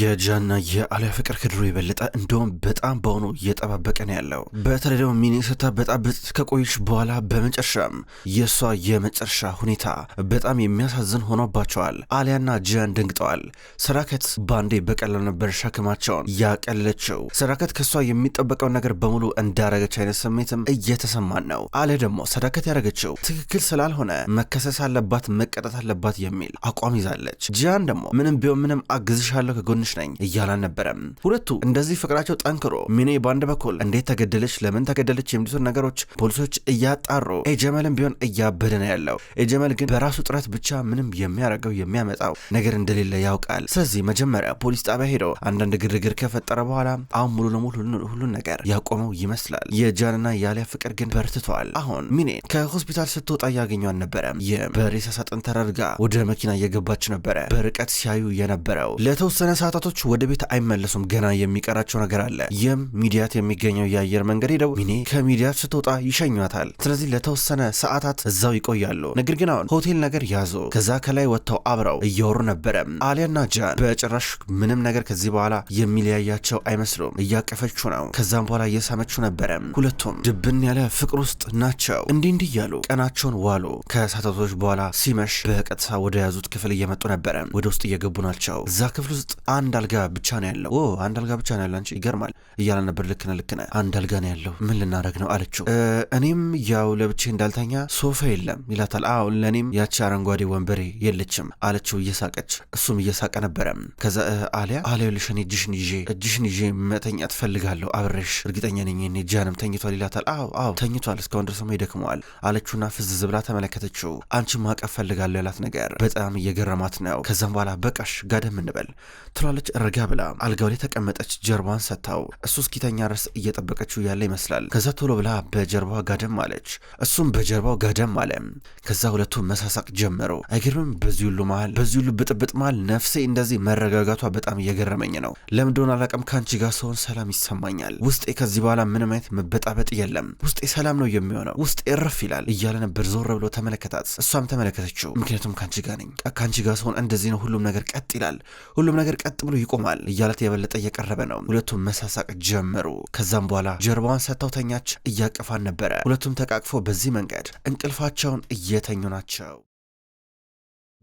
የጃና የአሊያ ፍቅር ከድሮ የበለጠ እንደውም በጣም በሆኑ እየጠባበቀ ነው ያለው። በተለይ ደግሞ ሚኔሶታ በጣም ከቆየች በኋላ በመጨረሻም የእሷ የመጨረሻ ሁኔታ በጣም የሚያሳዝን ሆኖባቸዋል። አሊያና ጃን ደንግጠዋል። ሰራከት ባንዴ በቀላሉ ነበር ሸክማቸውን ያቀለችው። ሰራከት ከእሷ የሚጠበቀው ነገር በሙሉ እንዳረገች አይነት ስሜትም እየተሰማን ነው። አሊያ ደግሞ ሰዳከት ያደረገችው ትክክል ስላልሆነ መከሰስ አለባት፣ መቀጣት አለባት የሚል አቋም ይዛለች። ጃን ደግሞ ምንም ቢሆን ምንም አግዝሻለሁ ከጎንሽ ነኝ እያለ አልነበረም። ሁለቱ እንደዚህ ፍቅራቸው ጠንክሮ ሚኔ በአንድ በኩል እንዴት ተገደለች፣ ለምን ተገደለች የሚሉትን ነገሮች ፖሊሶች እያጣሩ ኤጀመልም ቢሆን እያበደ ነው ያለው። ኤጀመል ግን በራሱ ጥረት ብቻ ምንም የሚያደርገው የሚያመጣው ነገር እንደሌለ ያውቃል። ስለዚህ መጀመሪያ ፖሊስ ጣቢያ ሄደው አንዳንድ ግርግር ከፈጠረ በኋላ አሁን ሙሉ ለሙሉ ሁሉን ነገር ያቆመው ይመስላል። የጃንና ያሊያ ፍቅር ግን በርትቷል። አሁን ሚኔ ከሆስፒታል ስትወጣ እያገኘው አልነበረም። የበሬሳ ሳጥን ተረርጋ ወደ መኪና እየገባች ነበረ። በርቀት ሲያዩ የነበረው ለተወሰነ ሰዓታቶች ወደ ቤት አይመለሱም። ገና የሚቀራቸው ነገር አለ። ይህም ሚዲያት የሚገኘው የአየር መንገድ ሄደው ሚኔ ከሚዲያት ስትወጣ ይሸኟታል። ስለዚህ ለተወሰነ ሰዓታት እዛው ይቆያሉ። ነገር ግን አሁን ሆቴል ነገር ያዙ። ከዛ ከላይ ወጥተው አብረው እያወሩ ነበረ። አሊያና ጃን በጭራሽ ምንም ነገር ከዚህ በኋላ የሚለያያቸው አይመስሉም። እያቀፈችው ነው። ከዛም በኋላ እየሳመችው ነበረ። ሁለቱም ድብን ያለ ፍቅር ውስጥ ናቸው። እንዲህ እንዲህ እያሉ ቀናቸውን ዋሉ። ከሰዓታቶች በኋላ ሲመሽ በቀጥታ ወደ ያዙት ክፍል እየመጡ ነበረ። ወደ ውስጥ እየገቡ ናቸው። እዛ ክፍል ውስጥ አንድ አልጋ ብቻ ነው ያለው። ኦ አንድ አልጋ ብቻ ነው ያለው አንቺ ይገርማል እያለ ነበር። ልክ ነህ ልክ ነህ፣ አንድ አልጋ ነው ያለው። ምን ልናደርግ ነው አለችው። እኔም ያው ለብቼ እንዳልተኛ ሶፋ የለም ይላታል። አዎ ለእኔም ያቺ አረንጓዴ ወንበሬ የለችም አለችው እየሳቀች። እሱም እየሳቀ ነበረ። ከዛ አሊያ አሊያ ልሽን እጅሽን ይዤ እጅሽን ይዤ መተኛ ትፈልጋለሁ አብረሽ እርግጠኛ ነኝ ኔ ጃንም ተኝቷል ይላታል። አዎ አዎ ተኝቷል፣ እስካሁን ድረስ ይደክመዋል አለችውና ፍዝዝ ብላ ተመለከተችው። አንቺ ማቀፍ ፈልጋለሁ ያላት ነገር በጣም እየገረማት ነው። ከዛም በኋላ በቃሽ ጋደም እንበል ትላለች ረጋ ብላ። አልጋው ላይ ተቀመጠች፣ ጀርባዋን ሰታው። እሱ እስኪተኛ ድረስ እየጠበቀችው ያለ ይመስላል። ከዛ ቶሎ ብላ በጀርባዋ ጋደም አለች፣ እሱም በጀርባው ጋደም አለ። ከዛ ሁለቱ መሳሳቅ ጀመሩ። አይገርምም? በዚህ ሁሉ መሃል፣ በዚህ ሁሉ ብጥብጥ መሃል ነፍሴ እንደዚህ መረጋጋቷ በጣም እየገረመኝ ነው። ለምንደሆን አላቀም ከአንቺ ጋር ሰውን ሰላም ይሰማኛል። ውስጤ ከዚህ በኋላ ምንም አይነት መበጣበጥ የለም፣ ውስጤ ሰላም ነው የሚሆነው፣ ውስጤ እርፍ ይላል እያለ ነበር። ዞር ብሎ ተመለከታት፣ እሷም ተመለከተችው። ምክንያቱም ከአንቺ ጋር ነኝ፣ ከአንቺ ጋር ሰውን እንደዚህ ነው፣ ሁሉም ነገር ቀጥ ይላል፣ ሁሉም ነገር ቀጥ ብሎ ይቆማል እያለት የበለጠ እየቀረበ ነው። ሁለቱም መሳሳቅ ጀመሩ። ከዛም በኋላ ጀርባዋን ሰጥተው ተኛች። እያቀፋን ነበረ። ሁለቱም ተቃቅፎ በዚህ መንገድ እንቅልፋቸውን እየተኙ ናቸው።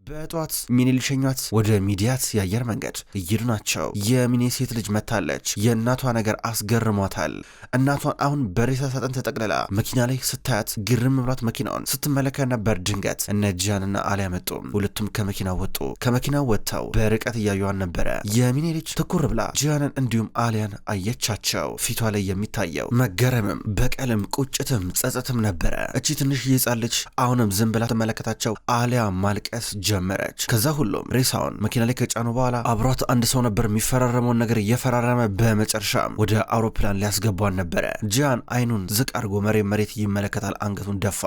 በጠዋት ሚኒ ሊሸኟት ወደ ሚዲያት የአየር መንገድ እየሄዱ ናቸው። የሚኒ ሴት ልጅ መታለች። የእናቷ ነገር አስገርሟታል። እናቷን አሁን በሬሳ ሳጥን ተጠቅልላ መኪና ላይ ስታያት ግርም ብሏት መኪናውን ስትመለከት ነበር። ድንገት እነ ጂያንና አሊያ መጡ። ሁለቱም ከመኪናው ወጡ። ከመኪናው ወጥተው በርቀት እያዩዋን ነበረ። የሚኒ ልጅ ትኩር ብላ ጃንን እንዲሁም አሊያን አየቻቸው። ፊቷ ላይ የሚታየው መገረምም፣ በቀልም፣ ቁጭትም ጸጸትም ነበረ። እቺ ትንሽ ይጻለች አሁንም ዝም ብላ ትመለከታቸው። አሊያ ማልቀስ ጀመረች። ከዛ ሁሉም ሬሳውን መኪና ላይ ከጫኑ በኋላ አብሯት አንድ ሰው ነበር የሚፈራረመውን ነገር እየፈራረመ በመጨረሻም ወደ አውሮፕላን ሊያስገቧን ነበረ። ጂያን አይኑን ዝቅ አድርጎ መሬት መሬት ይመለከታል። አንገቱን ደፋ።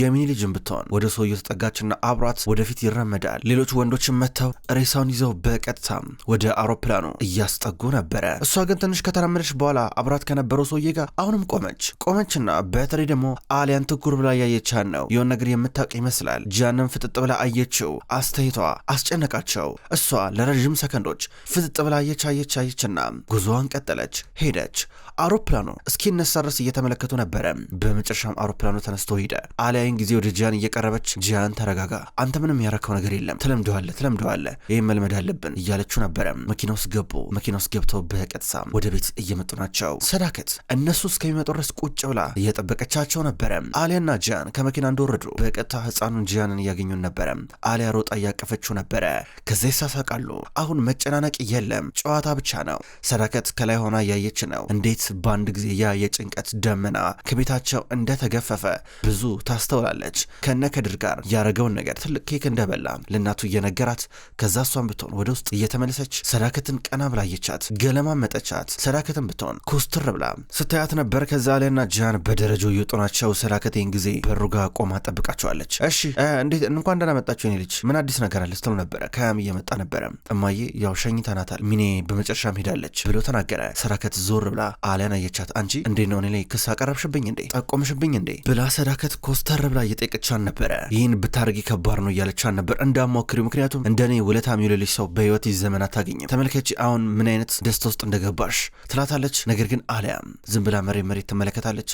የሚኒ ልጅም ብትሆን ወደ ሰውየው ተጠጋችና አብሯት ወደፊት ይራመዳል። ሌሎች ወንዶችም መጥተው ሬሳውን ይዘው በቀጥታም ወደ አውሮፕላኑ እያስጠጉ ነበረ። እሷ ግን ትንሽ ከተራመደች በኋላ አብራት ከነበረው ሰውዬ ጋር አሁንም ቆመች ቆመችና በተለይ ደግሞ አሊያን ትኩር ብላ ያየቻን ነው የሆን ነገር የምታውቅ ይመስላል። ጂያንም ፍጥጥ ብላ አየችው። ያለችው አስተያየቷ አስጨነቃቸው። እሷ ለረዥም ሰከንዶች ፍጥጥ ብላ የቻየች አየችና ጉዞዋን ቀጠለች፣ ሄደች። አውሮፕላኑ እስኪነሳ ድረስ እየተመለከቱ ነበረ። በመጨረሻም አውሮፕላኑ ተነስቶ ሄደ። አሊያይን ጊዜ ወደ ጂያን እየቀረበች ጂያን ተረጋጋ፣ አንተ ምንም ያረከው ነገር የለም፣ ትለምደዋለ ትለምደዋለ፣ ይህም መልመድ አለብን እያለችው ነበረ። መኪና ውስጥ ገቡ። መኪና ውስጥ ገብተው በቀጥታ ወደ ቤት እየመጡ ናቸው። ሰዳከት እነሱ እስከሚመጡ ድረስ ቁጭ ብላ እየጠበቀቻቸው ነበረ። አሊያና ጂያን ከመኪና እንደወረዱ በቀጥታ ህፃኑን ጂያንን እያገኙን ነበረ። አሊያ ሮጣ እያቀፈችው ነበረ። ከዚያ ይሳሳቃሉ። አሁን መጨናነቅ የለም፣ ጨዋታ ብቻ ነው። ሰዳከት ከላይ ሆና እያየች ነው። እንዴት በአንድ ጊዜ ያ የጭንቀት ደመና ከቤታቸው እንደተገፈፈ ብዙ ታስተውላለች። ከነ ከድር ጋር ያረገውን ነገር ትልቅ ኬክ እንደበላ ለእናቱ እየነገራት ከዛ እሷን ብትሆን ወደ ውስጥ እየተመለሰች ሰዳከትን ቀና ብላ አየቻት፣ ገለማመጠቻት። ሰዳከትን ብትሆን ኮስትር ብላ ስታያት ነበር። ከዛ አሊያና ጃን በደረጃው እየወጡ ናቸው። ሰዳከቴን ጊዜ በሩጋ ቆማ ጠብቃቸዋለች። እሺ እንዴት እንኳን ደህና መጣችሁ የኔ ልጅ ምን አዲስ ነገር አለ ስትለው ነበረ። ከያም እየመጣ ነበረ። እማዬ ያው ሸኝተናታል ሚኔ በመጨረሻ ሄዳለች ብሎ ተናገረ። ሰዳከት ዞር ብላ አሊያን አየቻት። አንቺ እንዴት ነው እኔ ላይ ክስ አቀረብሽብኝ እንዴ ጠቆምሽብኝ እንዴ ብላ ሰዳከት ኮስተር ብላ እየጠየቀቻን ነበረ። ይህን ብታደርጊ ከባድ ነው እያለቻን ነበር። እንዳሞክሪው ምክንያቱም እንደኔ ውለታ የሚውልልሽ ሰው በህይወት ዘመን አታገኝም። ተመልከች አሁን ምን አይነት ደስታ ውስጥ እንደገባሽ ትላታለች። ነገር ግን አሊያ ዝም ብላ መሬት መሬት ትመለከታለች።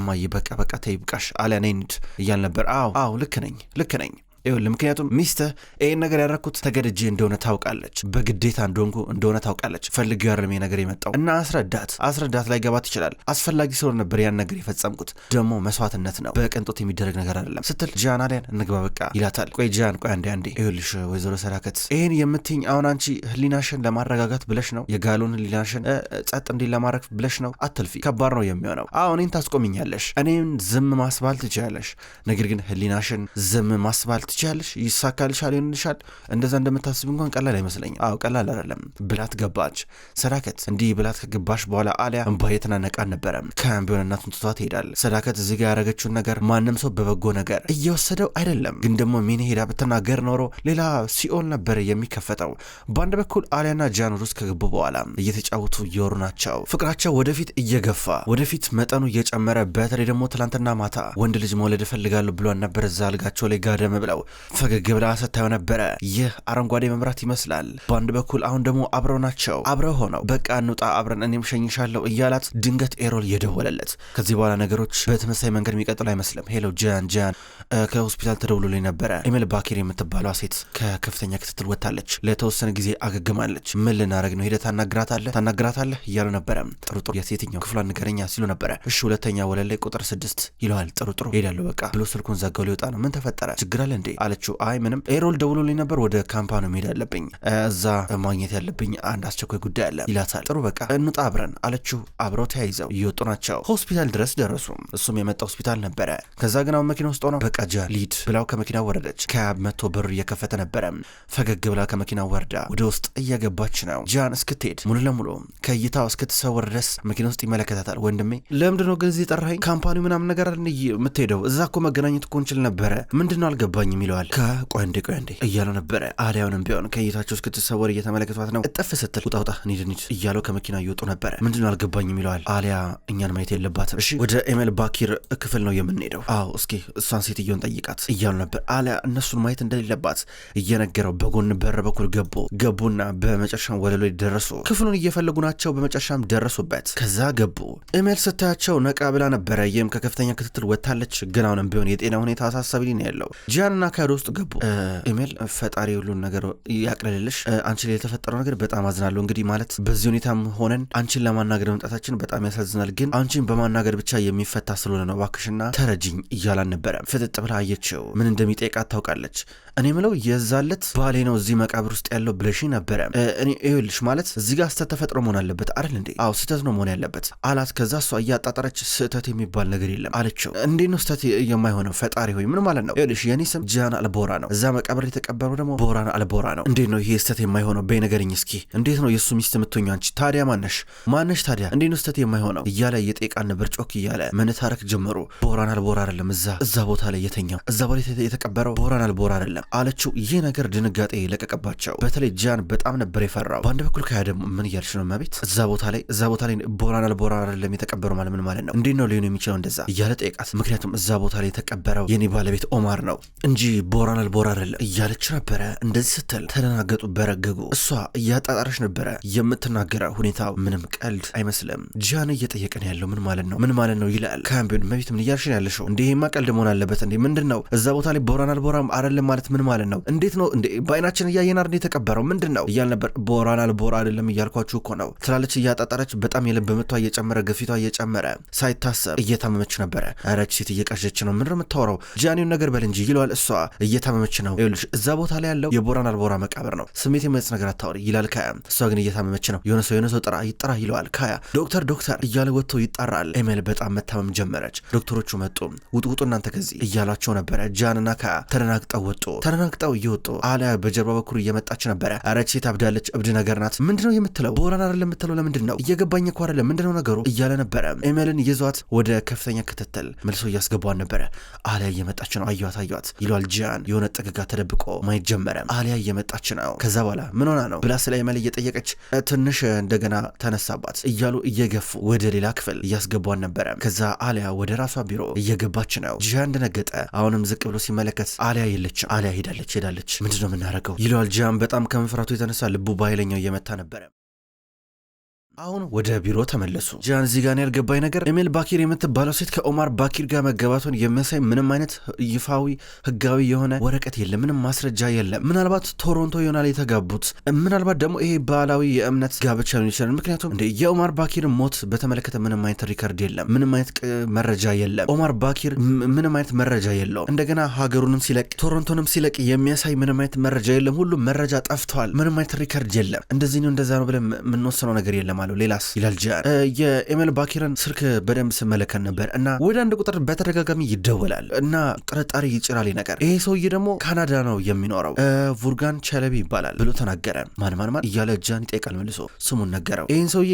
እማዬ በቃ በቃ ተይብቃሽ አሊያ ነይ እንሂድ እያል ነበር። አዎ አዎ ልክ ነኝ ልክ ነኝ ይሁል ምክንያቱም ሚስትህ ይህን ነገር ያደረግኩት ተገድጄ እንደሆነ ታውቃለች፣ በግዴታ እንደሆንኩ እንደሆነ ታውቃለች። ፈልጌው አይደለም ነገር የመጣው እና አስረዳት አስረዳት ላይ ገባት ይችላል። አስፈላጊ ስለሆነ ነበር ያን ነገር የፈጸምኩት፣ ደግሞ መስዋዕትነት ነው፣ በቅንጦት የሚደረግ ነገር አይደለም ስትል ጃን አሊያን እንግባ በቃ ይላታል። ቆይ ጃን ቆይ አንዴ አንዴ፣ ይሁልሽ ወይዘሮ ሰዳከት ይህን የምትኝ አሁን አንቺ ህሊናሽን ለማረጋጋት ብለሽ ነው፣ የጋሉን ህሊናሽን ጸጥ እንዲ ለማድረግ ብለሽ ነው። አትልፊ፣ ከባድ ነው የሚሆነው። አሁ እኔን ታስቆምኛለሽ፣ እኔን ዝም ማስባል ትችላለሽ፣ ነገር ግን ህሊናሽን ዝም ማስባል ትችያለሽ፣ ይሳካልሻል፣ ይሆንልሻል፣ እንደዛ እንደምታስብ እንኳን ቀላል አይመስለኝም። አዎ ቀላል አይደለም ብላት ገባች። ሰዳከት እንዲህ ብላት ከገባሽ በኋላ አሊያ እንባ የተናነቃ አልነበረም። ከያም ቢሆን እናቱን ትቷ ትሄዳል። ሰዳከት እዚህ ጋር ያደረገችውን ነገር ማንም ሰው በበጎ ነገር እየወሰደው አይደለም። ግን ደግሞ ሚኔ ሄዳ ብትናገር ኖሮ ሌላ ሲኦል ነበር የሚከፈተው። በአንድ በኩል አሊያና ጃን ውስጥ ከገቡ በኋላ እየተጫወቱ እየወሩ ናቸው። ፍቅራቸው ወደፊት እየገፋ ወደፊት መጠኑ እየጨመረ በተለይ ደግሞ ትላንትና ማታ ወንድ ልጅ መውለድ እፈልጋለሁ ብሏን ነበር እዛ አልጋቸው ላይ ጋደም ብለው ነው። ፈገግ ብላ ስታየው ነበረ። ይህ አረንጓዴ መብራት ይመስላል። በአንድ በኩል አሁን ደግሞ አብረው ናቸው። አብረው ሆነው በቃ እንውጣ አብረን እኔም ሸኝሻለሁ እያላት ድንገት ኤሮል የደወለለት። ከዚህ በኋላ ነገሮች በተመሳሳይ መንገድ የሚቀጥል አይመስልም። ሄሎ ጃን ጃን ከሆስፒታል ተደውሎልኝ ነበረ። ኤሜል ባኪር የምትባለው ሴት ከከፍተኛ ክትትል ወጥታለች። ለተወሰነ ጊዜ አገግማለች። ምን ልናደርግ ነው? ሄደህ ታናግራታለህ ታናግራታለህ እያሉ ነበረ። ጥሩ ጥሩ የሴትኛው ክፍሏ ንገረኛ ሲሉ ነበረ። እሺ ሁለተኛ ወለል ላይ ቁጥር ስድስት ይለዋል። ጥሩ ጥሩ ሄዳለሁ በቃ ብሎ ስልኩን ዘጋው። ሊወጣ ነው። ምን ተፈጠረ? ችግር አለ እንዴ? እንዴ አለችው። አይ ምንም ኤሮል ደውሎልኝ ነበር፣ ወደ ነው መሄድ አለብኝ፣ እዛ ማግኘት ያለብኝ አንድ አስቸኳይ ጉዳይ አለ ይላታል። ጥሩ በቃ እንውጣ አብረን አለችው። አብረው ተያይዘው እየወጡ ናቸው። ሆስፒታል ድረስ ደረሱ። እሱም የመጣ ሆስፒታል ነበረ። ከዛ ግን አሁን መኪና ውስጥ ሆነው በቃ ጃ ሊድ ብላው ከመኪና ወረደች። ከያብ መቶ ብር እየከፈተ ነበረ። ፈገግ ብላ ከመኪና ወርዳ ወደ ውስጥ እየገባች ነው። ጃን እስክትሄድ ሙሉ ለሙሉ ከእይታ እስክትሰወር ድረስ መኪና ውስጥ ይመለከታታል። ወንድሜ ለምንድን ግን እዚህ ጠራኸኝ? ካምፓኒ ምናምን ነገር የምትሄደው እዛ እኮ መገናኘት እኮ እንችል ነበረ። ምንድነው አልገባኝም አለብኝም ይለዋል። ቆይ አንዴ ቆይ እያለው ነበረ። አሊያውንም ቢሆን ከእይታቸው እስክትሰወር እየተመለከቷት ነው። እጠፍ ስትል ውጣ ውጣ ኒድ እያለው ከመኪና እየወጡ ነበረ። ነው አልገባኝም ይለዋል። አሊያ እኛን ማየት የለባትም እሺ፣ ወደ ኤሜል ባኪር ክፍል ነው የምንሄደው። አዎ እስኪ እሷን ሴትዮን ጠይቃት እያሉ ነበር። አሊያ እነሱን ማየት እንደሌለባት እየነገረው በጎን በር በኩል ገቡ። ገቡና በመጨረሻም ወለሎ ደረሱ። ክፍሉን እየፈለጉ ናቸው። በመጨረሻም ደረሱበት። ከዛ ገቡ። ኤሜል ስታያቸው ነቃ ብላ ነበረ። ይህም ከከፍተኛ ክትትል ወታለች። ግን አሁንም ቢሆን የጤና ሁኔታ አሳሳቢ ነው ያለው ጂያንና አካሄድ ውስጥ ገቡ። ኤሜል ፈጣሪ ሁሉን ነገር ያቅልልልሽ። አንቺ ላይ የተፈጠረው ነገር በጣም አዝናለሁ። እንግዲህ ማለት በዚህ ሁኔታም ሆነን አንቺን ለማናገር መምጣታችን በጣም ያሳዝናል፣ ግን አንቺን በማናገር ብቻ የሚፈታ ስለሆነ ነው እባክሽና ተረጅኝ እያላን ነበረ። ፍጥጥ ብላ አየችው። ምን እንደሚጠይቃት ታውቃለች። እኔ ምለው የዛለት ባሌ ነው እዚህ መቃብር ውስጥ ያለው ብለሽ ነበረ። እኔ ይኸውልሽ ማለት እዚህ ጋር ስህተት ተፈጥሮ መሆን አለበት አይደል እንዴ? አዎ ስህተት ነው መሆን ያለበት አላት። ከዛ እሷ እያጣጠረች ስህተት የሚባል ነገር የለም አለችው። እንዴት ነው ስህተት የማይሆነው? ፈጣሪ ሆይ ምን ማለት ነው? ይኸውልሽ የኔ ስም ጃን አልቦራ ነው። እዛ መቃብር የተቀበረው ደግሞ ቦራን አልቦራ ነው። እንዴት ነው ይሄ ስተት የማይሆነው? በይ ነገርኝ እስኪ እንዴት ነው የእሱ ሚስት የምትሆኝ አንቺ? ታዲያ ማነሽ ማነሽ? ታዲያ እንዴት ነው ስተት የማይሆነው እያለ የጤቃን ጮክ እያለ መነታረክ ጀመሩ። ቦራን አልቦራ አይደለም እዛ እዛ ቦታ ላይ የተኛው እዛ ቦታ የተቀበረው ቦራን አልቦራ አይደለም አለችው። ይህ ነገር ድንጋጤ ለቀቀባቸው። በተለይ ጃን በጣም ነበር የፈራው። በአንድ በኩል ከያ ደግሞ ምን እያልሽ ነው መቤት? እዛ ቦታ ላይ እዛ ቦታ ላይ ቦራን አልቦራ አይደለም የተቀበረው ማለት ምን ማለት ነው? እንዴት ነው ሊሆን የሚችለው እንደዛ እያለ ጠየቃት። ምክንያቱም እዛ ቦታ ላይ የተቀበረው የኔ ባለቤት ኦማር ነው እንጂ ቦራን አልቦራረል እያለች ነበረ። እንደዚህ ስትል ተደናገጡ፣ በረገጉ። እሷ እያጣጣረች ነበረ። የምትናገረው ሁኔታ ምንም ቀልድ አይመስልም። ጂያን እየጠየቀን ያለው ምን ማለት ነው ምን ማለት ነው ይላል። ካምቢዮን መቤት ምን እያልሽን ያለሽው? እንዴ ይሄማ ቀልድ መሆን አለበት እንዴ? ምንድን ነው እዛ ቦታ ላይ ቦራን አልቦራም አይደለም ማለት ምን ማለት ነው? እንዴት ነው እንዴ? በአይናችን እያየናር እንደ የተቀበረው ምንድን ነው እያል ነበር። ቦራን አልቦራ አይደለም እያልኳችሁ እኮ ነው ትላለች፣ እያጣጣረች። በጣም የልብ ምቷ እየጨመረ ግፊቷ እየጨመረ ሳይታሰብ እየታመመች ነበረ። ረች ሴት እየቃዠች ነው። ምንድን ነው የምታወራው? ጂያኔውን ነገር በል እንጂ ይለዋል። እሷ እየታመመች ነው። ይኸውልሽ እዛ ቦታ ላይ ያለው የቦራን አልቦራ መቃብር ነው። ስሜት የመጽ ነገር አታወሪ ይላል ካያ። እሷ ግን እየታመመች ነው። የሆነ ሰው የሆነ ሰው ጥራ ይጥራ ይለዋል ካያ። ዶክተር ዶክተር እያለ ወጥቶ ይጣራል። ኤሜል በጣም መታመም ጀመረች። ዶክተሮቹ መጡ። ውጡ ውጡ እናንተ ከዚህ እያሏቸው ነበረ። ጃንና ካያ ተደናግጠው ወጡ። ተደናግጠው እየወጡ አሊያ በጀርባ በኩል እየመጣች ነበረ። አረቼ ታብዳለች፣ እብድ ነገር ናት። ምንድነው የምትለው ቦራን አይደል የምትለው? ለምንድን ነው እየገባኝ እኮ አይደለም ምንድነው ነገሩ እያለ ነበረ። ኤሜልን ይዟት ወደ ከፍተኛ ክትትል መልሶ እያስገቧን ነበረ። አሊያ እየመጣች ነው። አያት አያት ይሏል ልጅን የሆነ ጥግጋ ተደብቆ ማየት ጀመረ። አሊያ እየመጣች ነው። ከዛ በኋላ ምን ሆና ነው ብላ ስለ ኤመል እየጠየቀች ትንሽ እንደገና ተነሳባት እያሉ እየገፉ ወደ ሌላ ክፍል እያስገቧን ነበረ። ከዛ አሊያ ወደ ራሷ ቢሮ እየገባች ነው። ጂያን ደነገጠ። አሁንም ዝቅ ብሎ ሲመለከት አሊያ የለችም። አሊያ ሄዳለች ሄዳለች። ምንድነው የምናደርገው ይለዋል። ጂያን በጣም ከመፍራቱ የተነሳ ልቡ በኃይለኛው እየመታ ነበረ። አሁን ወደ ቢሮ ተመለሱ። ጃን ዚጋን ያልገባኝ ነገር ኤሜል ባኪር የምትባለው ሴት ከኦማር ባኪር ጋር መገባቷን የሚያሳይ ምንም አይነት ይፋዊ ህጋዊ የሆነ ወረቀት የለም፣ ምንም ማስረጃ የለም። ምናልባት ቶሮንቶ ይሆናል የተጋቡት፣ ምናልባት ደግሞ ይሄ ባህላዊ የእምነት ጋብቻ ሊሆን ይችላል። ምክንያቱም እንደ የኦማር ባኪር ሞት በተመለከተ ምንም አይነት ሪከርድ የለም፣ ምንም አይነት መረጃ የለም። ኦማር ባኪር ምንም አይነት መረጃ የለውም። እንደገና ሀገሩንም ሲለቅ ቶሮንቶንም ሲለቅ የሚያሳይ ምንም አይነት መረጃ የለም። ሁሉም መረጃ ጠፍተዋል። ምንም አይነት ሪከርድ የለም። እንደዚህ ነው እንደዛ ነው ብለን የምንወስነው ነገር የለም። አለው። ሌላስ ይላል ጂያን። የኤሜል ባኪረን ስልክ በደንብ ስመለከት ነበር እና ወደ አንድ ቁጥር በተደጋጋሚ ይደወላል እና ጥርጣሬ ይጭራል ነገር። ይሄ ሰውዬ ደግሞ ካናዳ ነው የሚኖረው ቡርጋን ቸለቢ ይባላል ብሎ ተናገረ። ማን ማን ማን እያለ ጂያን ይጠይቃል። መልሶ ስሙን ነገረው። ይህን ሰውዬ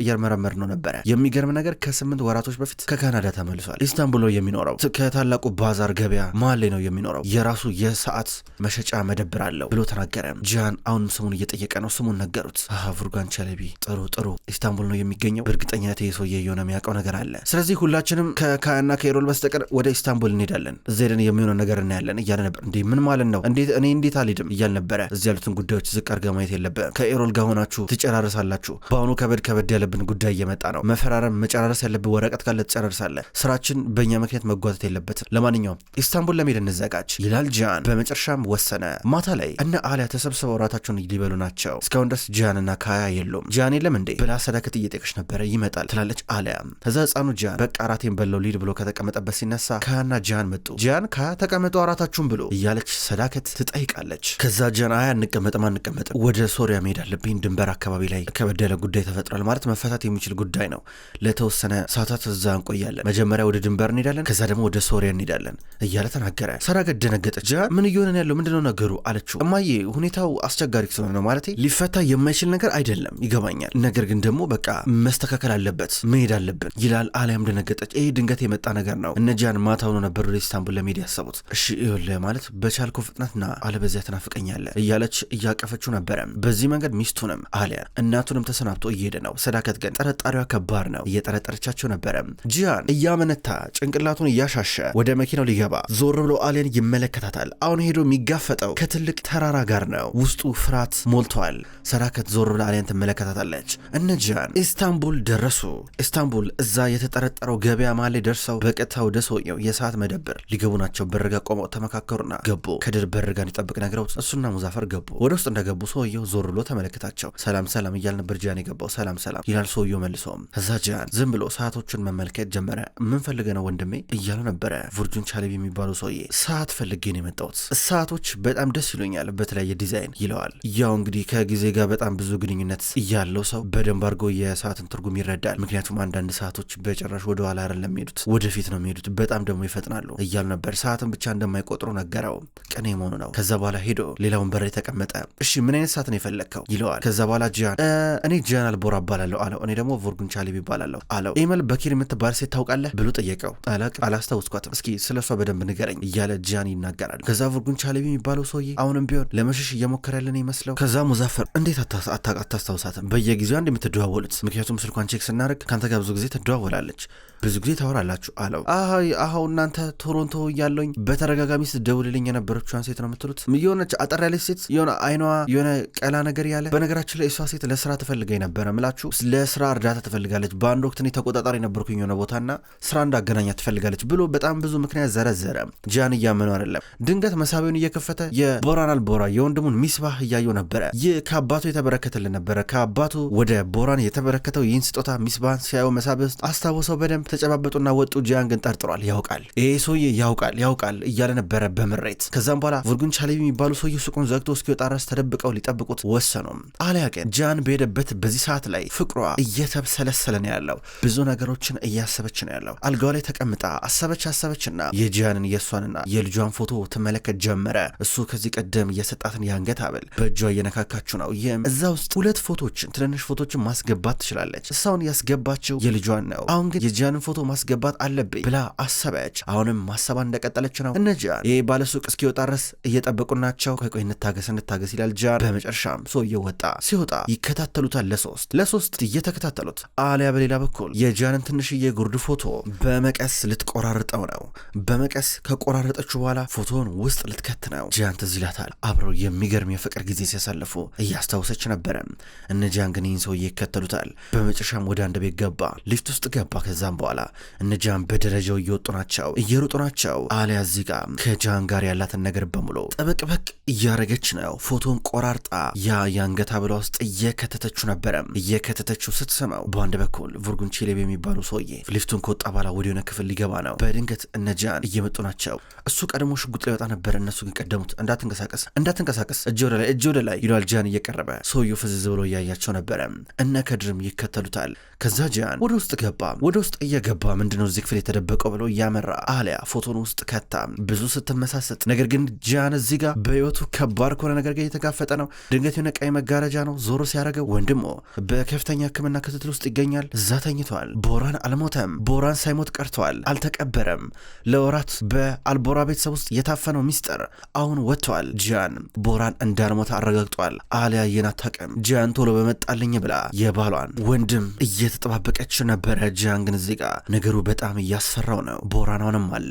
እየመረመር ነው ነበረ። የሚገርም ነገር ከስምንት ወራቶች በፊት ከካናዳ ተመልሷል። ኢስታንቡል ነው የሚኖረው። ከታላቁ ባዛር ገበያ መሀል ላይ ነው የሚኖረው። የራሱ የሰዓት መሸጫ መደብር አለው ብሎ ተናገረ። ጃን አሁንም ስሙን እየጠየቀ ነው። ስሙን ነገሩት። ቡርጋን ቸለቢ ጥሩ ጥሩ ጥሩ ኢስታንቡል ነው የሚገኘው። በእርግጠኝነት ይህ ሰውዬ የሆነ የሚያውቀው ነገር አለ። ስለዚህ ሁላችንም ከካያና ከኤሮል በስተቀር ወደ ኢስታንቡል እንሄዳለን። እዚ ሄደን የሚሆነው ነገር እናያለን እያለ ነበር። እንዲህ ምን ማለት ነው? እንዴት እኔ እንዴት አልሄድም እያል ነበረ። እዚ ያሉትን ጉዳዮች ዝቅ አድርገህ ማየት የለብህም። ከኤሮል ጋር ሆናችሁ ትጨራርሳላችሁ። በአሁኑ ከበድ ከበድ ያለብን ጉዳይ እየመጣ ነው። መፈራረም፣ መጨራረስ ያለብን ወረቀት ካለ ትጨራርሳለ። ስራችን በእኛ ምክንያት መጓተት የለበትም። ለማንኛውም ኢስታንቡል ለመሄድ እንዘጋጅ ይላል ጂያን። በመጨረሻም ወሰነ። ማታ ላይ እነ አሊያ ተሰብስበው እራታቸውን ሊበሉ ናቸው። እስካሁን ድረስ ጂያንና ካያ የሉም። ጂያን አይደለም እንዴ ብላ ሰዳከት እየጠቀች ነበረ። ይመጣል ትላለች አሊያም። ከዛ ህፃኑ ጃን በቃ አራቴን በለው ሊድ ብሎ ከተቀመጠበት ሲነሳ ካና ጃን መጡ። ጃን ካ ተቀመጡ አራታችሁን ብሎ እያለች ሰዳከት ትጠይቃለች። ከዛ ጃን አያ አንቀመጥም አንቀመጥም ወደ ሶሪያ መሄድ አለብኝ፣ ድንበር አካባቢ ላይ ከበደለ ጉዳይ ተፈጥሯል ማለት መፈታት የሚችል ጉዳይ ነው። ለተወሰነ ሰዓታት እዛ እንቆያለን። መጀመሪያ ወደ ድንበር እንሄዳለን፣ ከዛ ደግሞ ወደ ሶሪያ እንሄዳለን እያለ ተናገረ። ሰዳከት ደነገጠች። ጃን ምን እየሆነን ያለው ምንድነው ነገሩ አለችው። እማዬ ሁኔታው አስቸጋሪ ስለሆነ ነው ማለት ሊፈታ የማይችል ነገር አይደለም ይገባኛል ይገኛል። ነገር ግን ደግሞ በቃ መስተካከል አለበት መሄድ አለብን ይላል። አሊያም ደነገጠች። ይሄ ድንገት የመጣ ነገር ነው። እነጃን ማታ ሆኖ ነበር ወደ ኢስታንቡል ለመሄድ ያሰቡት። እሺ ይኸውልህ ማለት በቻልኮ ፍጥነት ና፣ አለበዚያ ትናፍቀኛለህ እያለች እያቀፈችው ነበረ። በዚህ መንገድ ሚስቱንም አሊያ እናቱንም ተሰናብቶ እየሄደ ነው። ሰዳከት ግን ጠረጣሪዋ ከባድ ነው። እየጠረጠረቻቸው ነበረ። ጂያን እያመነታ ጭንቅላቱን እያሻሸ ወደ መኪናው ሊገባ ዞር ብሎ አሊያን ይመለከታታል። አሁን ሄዶ የሚጋፈጠው ከትልቅ ተራራ ጋር ነው። ውስጡ ፍርሃት ሞልቷል። ሰዳከት ዞር ብሎ አሊያን ትመለከታታለ ትገኛለች። እነ ጂያን ኢስታንቡል ደረሱ። ኢስታንቡል እዛ የተጠረጠረው ገበያ ላይ ደርሰው በቀጥታ ወደ ሰውየው የሰዓት መደብር ሊገቡ ናቸው። በርጋ ቆመው ተመካከሩና ገቡ። ከድር በርጋ እንዲጠብቅ ነግረውት እሱና ሙዛፈር ገቡ። ወደ ውስጥ እንደገቡ ሰውየው ዞር ብሎ ተመለከታቸው። ሰላም ሰላም እያል ነበር ጃን የገባው። ሰላም ሰላም ይላል ሰውየው መልሶም። እዛ ጃን ዝም ብሎ ሰዓቶቹን መመልከት ጀመረ። ምን ፈልገ ነው ወንድሜ እያሉ ነበረ። ቡርጁን ቻሌብ የሚባለው ሰውዬ ሰዓት ፈልጌ ነው የመጣሁት፣ ሰዓቶች በጣም ደስ ይሉኛል በተለያየ ዲዛይን ይለዋል። ያው እንግዲህ ከጊዜ ጋር በጣም ብዙ ግንኙነት እያለው ሰው በደንብ አድርጎ የሰዓትን ትርጉም ይረዳል። ምክንያቱም አንዳንድ ሰዓቶች በጭራሽ ወደ ኋላ አይደለም የሚሄዱት፣ ወደፊት ነው የሚሄዱት። በጣም ደግሞ ይፈጥናሉ እያሉ ነበር። ሰዓትን ብቻ እንደማይቆጥሩ ነገረው። ቀኔ መሆኑ ነው። ከዛ በኋላ ሄዶ ሌላውን በር ተቀመጠ። እሺ ምን አይነት ሰዓት ነው የፈለግከው ይለዋል። ከዛ በኋላ ጂያን እኔ ጂያን አልቦራ እባላለሁ አለው። እኔ ደግሞ ቮርጉን ቻሌብ ይባላለሁ አለው። ኤመል በኪር የምትባል ሴት ታውቃለህ ብሎ ጠየቀው። አላቅ አላስታውስኳትም፣ እስኪ ስለ እሷ በደንብ ንገረኝ እያለ ጂያን ይናገራል። ከዛ ቮርጉን ቻሌብ የሚባለው ሰውዬ አሁንም ቢሆን ለመሸሽ እየሞከረልን ያለን ይመስለው። ከዛ ሙዛፈር እንዴት አታስታውሳትም በየ በየጊዜው አንድ የምትደዋወሉት? ምክንያቱም ስልኳን ቼክ ስናደርግ ከአንተ ጋር ብዙ ጊዜ ትደዋወላለች፣ ብዙ ጊዜ ታወራላችሁ አለው። አይ አሁ እናንተ ቶሮንቶ እያለሁኝ በተደጋጋሚ ስትደውልልኝ የነበረችን ሴት ነው የምትሉት? የሆነች አጠር ያለች ሴት የሆነ አይኗ የሆነ ቀላ ነገር ያለ። በነገራችን ላይ እሷ ሴት ለስራ ትፈልገኝ ነበረ ምላችሁ፣ ለስራ እርዳታ ትፈልጋለች። በአንድ ወቅት እኔ ተቆጣጣሪ የነበርኩኝ የሆነ ቦታና ስራ እንዳገናኛ ትፈልጋለች ብሎ በጣም ብዙ ምክንያት ዘረዘረ። ጃን እያመኑ አይደለም። ድንገት መሳቢያውን እየከፈተ የቦራን አልቦራ የወንድሙን ሚስባህ እያየው ነበረ። ይህ ከአባቱ የተበረከተልን ነበረ። ከአባቱ ወደ ቦራን የተበረከተው ይህን ስጦታ ሚስባን ሲያየው መሳብስት አስታውሰው በደንብ ተጨባበጡና ወጡ። ጂያን ግን ጠርጥሯል። ያውቃል፣ ይሄ ሰውዬ ያውቃል፣ ያውቃል እያለ ነበረ በምሬት። ከዛም በኋላ ቡርጉን ቻሌቢ የሚባሉ ሰውዬ ሱቁን ዘግቶ እስኪወጣ ድረስ ተደብቀው ሊጠብቁት ወሰኑም። አሊያ ግን ጂያን በሄደበት በዚህ ሰዓት ላይ ፍቅሯ እየተብሰለሰለ ነው ያለው። ብዙ ነገሮችን እያሰበች ነው ያለው። አልጋው ላይ ተቀምጣ አሰበች አሰበችና የጂያንን የእሷንና የልጇን ፎቶ ትመለከት ጀመረ። እሱ ከዚህ ቀደም የሰጣትን የአንገት ሀብል በእጇ እየነካካችሁ ነው። ይህም እዛ ውስጥ ሁለት ፎቶችን ትንንሽ ትናንሽ ፎቶችን ማስገባት ትችላለች። እሳውን ያስገባችው የልጇን ነው። አሁን ግን የጂያንን ፎቶ ማስገባት አለብኝ ብላ አሰበች። አሁንም ማሰባ እንደቀጠለች ነው። እነ ጂያን ይህ ባለሱቅ እስኪወጣ ድረስ እየጠበቁ ናቸው። ከቆይ እንታገስ እንታገስ ይላል ጂያን። በመጨረሻም ሰውየው ወጣ። ሲወጣ ይከታተሉታል። ለሶስት ለሶስት እየተከታተሉት አሊያ በሌላ በኩል የጂያንን ትንሽዬ ጉርድ ፎቶ በመቀስ ልትቆራርጠው ነው። በመቀስ ከቆራረጠች በኋላ ፎቶን ውስጥ ልትከት ነው። ጂያን ትዝ ይላታል። አብረው የሚገርም የፍቅር ጊዜ ሲያሳልፉ እያስታወሰች ነበረ። እነ ጂያን ግን እነኝን ሰውዬ ይከተሉታል። በመጨረሻም ወደ አንድ ቤት ገባ፣ ሊፍት ውስጥ ገባ። ከዛም በኋላ እነ ጃን በደረጃው እየወጡ ናቸው፣ እየሩጡ ናቸው። አሊያ እዚህ ጋ ከጃን ጋር ያላትን ነገር በሙሉ ጠበቅበቅ እያረገች ነው። ፎቶን ቆራርጣ ያ የአንገት ሐብሏ ውስጥ እየከተተችው ነበረም፣ እየከተተችው ስትሰማው በአንድ በኩል ቡርጉን ቺሌብ የሚባሉ ሰውዬ ሊፍቱን ከወጣ በኋላ ወደ ክፍል ሊገባ ነው። በድንገት እነ ጃን እየመጡ ናቸው። እሱ ቀድሞ ሽጉጥ ሊወጣ ነበር፣ እነሱ ግን ቀደሙት። እንዳትንቀሳቀስ፣ እንዳትንቀሳቀስ፣ እጅ ወደ ላይ፣ እጅ ወደ ላይ ይሏል ጃን እየቀረበ ሰውዬው ፍዝዝ ብሎ እያያቸው ነበር። ነበረ። እነ ከድርም ይከተሉታል። ከዛ ጂያን ወደ ውስጥ ገባ። ወደ ውስጥ እየገባ ምንድነው እዚህ ክፍል የተደበቀው ብሎ እያመራ አሊያ ፎቶን ውስጥ ከታ። ብዙ ስትመሳሰጥ፣ ነገር ግን ጂያን እዚህ ጋር በህይወቱ ከባድ ከሆነ ነገር ጋር እየተጋፈጠ ነው። ድንገት የሆነ ቀይ መጋረጃ ነው ዞሮ ሲያደርገው ወንድሞ በከፍተኛ ህክምና ክትትል ውስጥ ይገኛል። እዛ ተኝቷል። ቦራን አልሞተም። ቦራን ሳይሞት ቀርቷል። አልተቀበረም። ለወራት በአልቦራ ቤተሰብ ውስጥ የታፈነው ሚስጥር አሁን ወጥተዋል። ጂያን ቦራን እንዳልሞተ አረጋግጧል። አሊያ የናታቀም ጂያን ቶሎ በመጣልኝ አለኝ ብላ የባሏን ወንድም እየተጠባበቀች ነበረ። ጂያን ግን እዚህ ጋ ነገሩ በጣም እያስፈራው ነው። ቦራናውንም አለ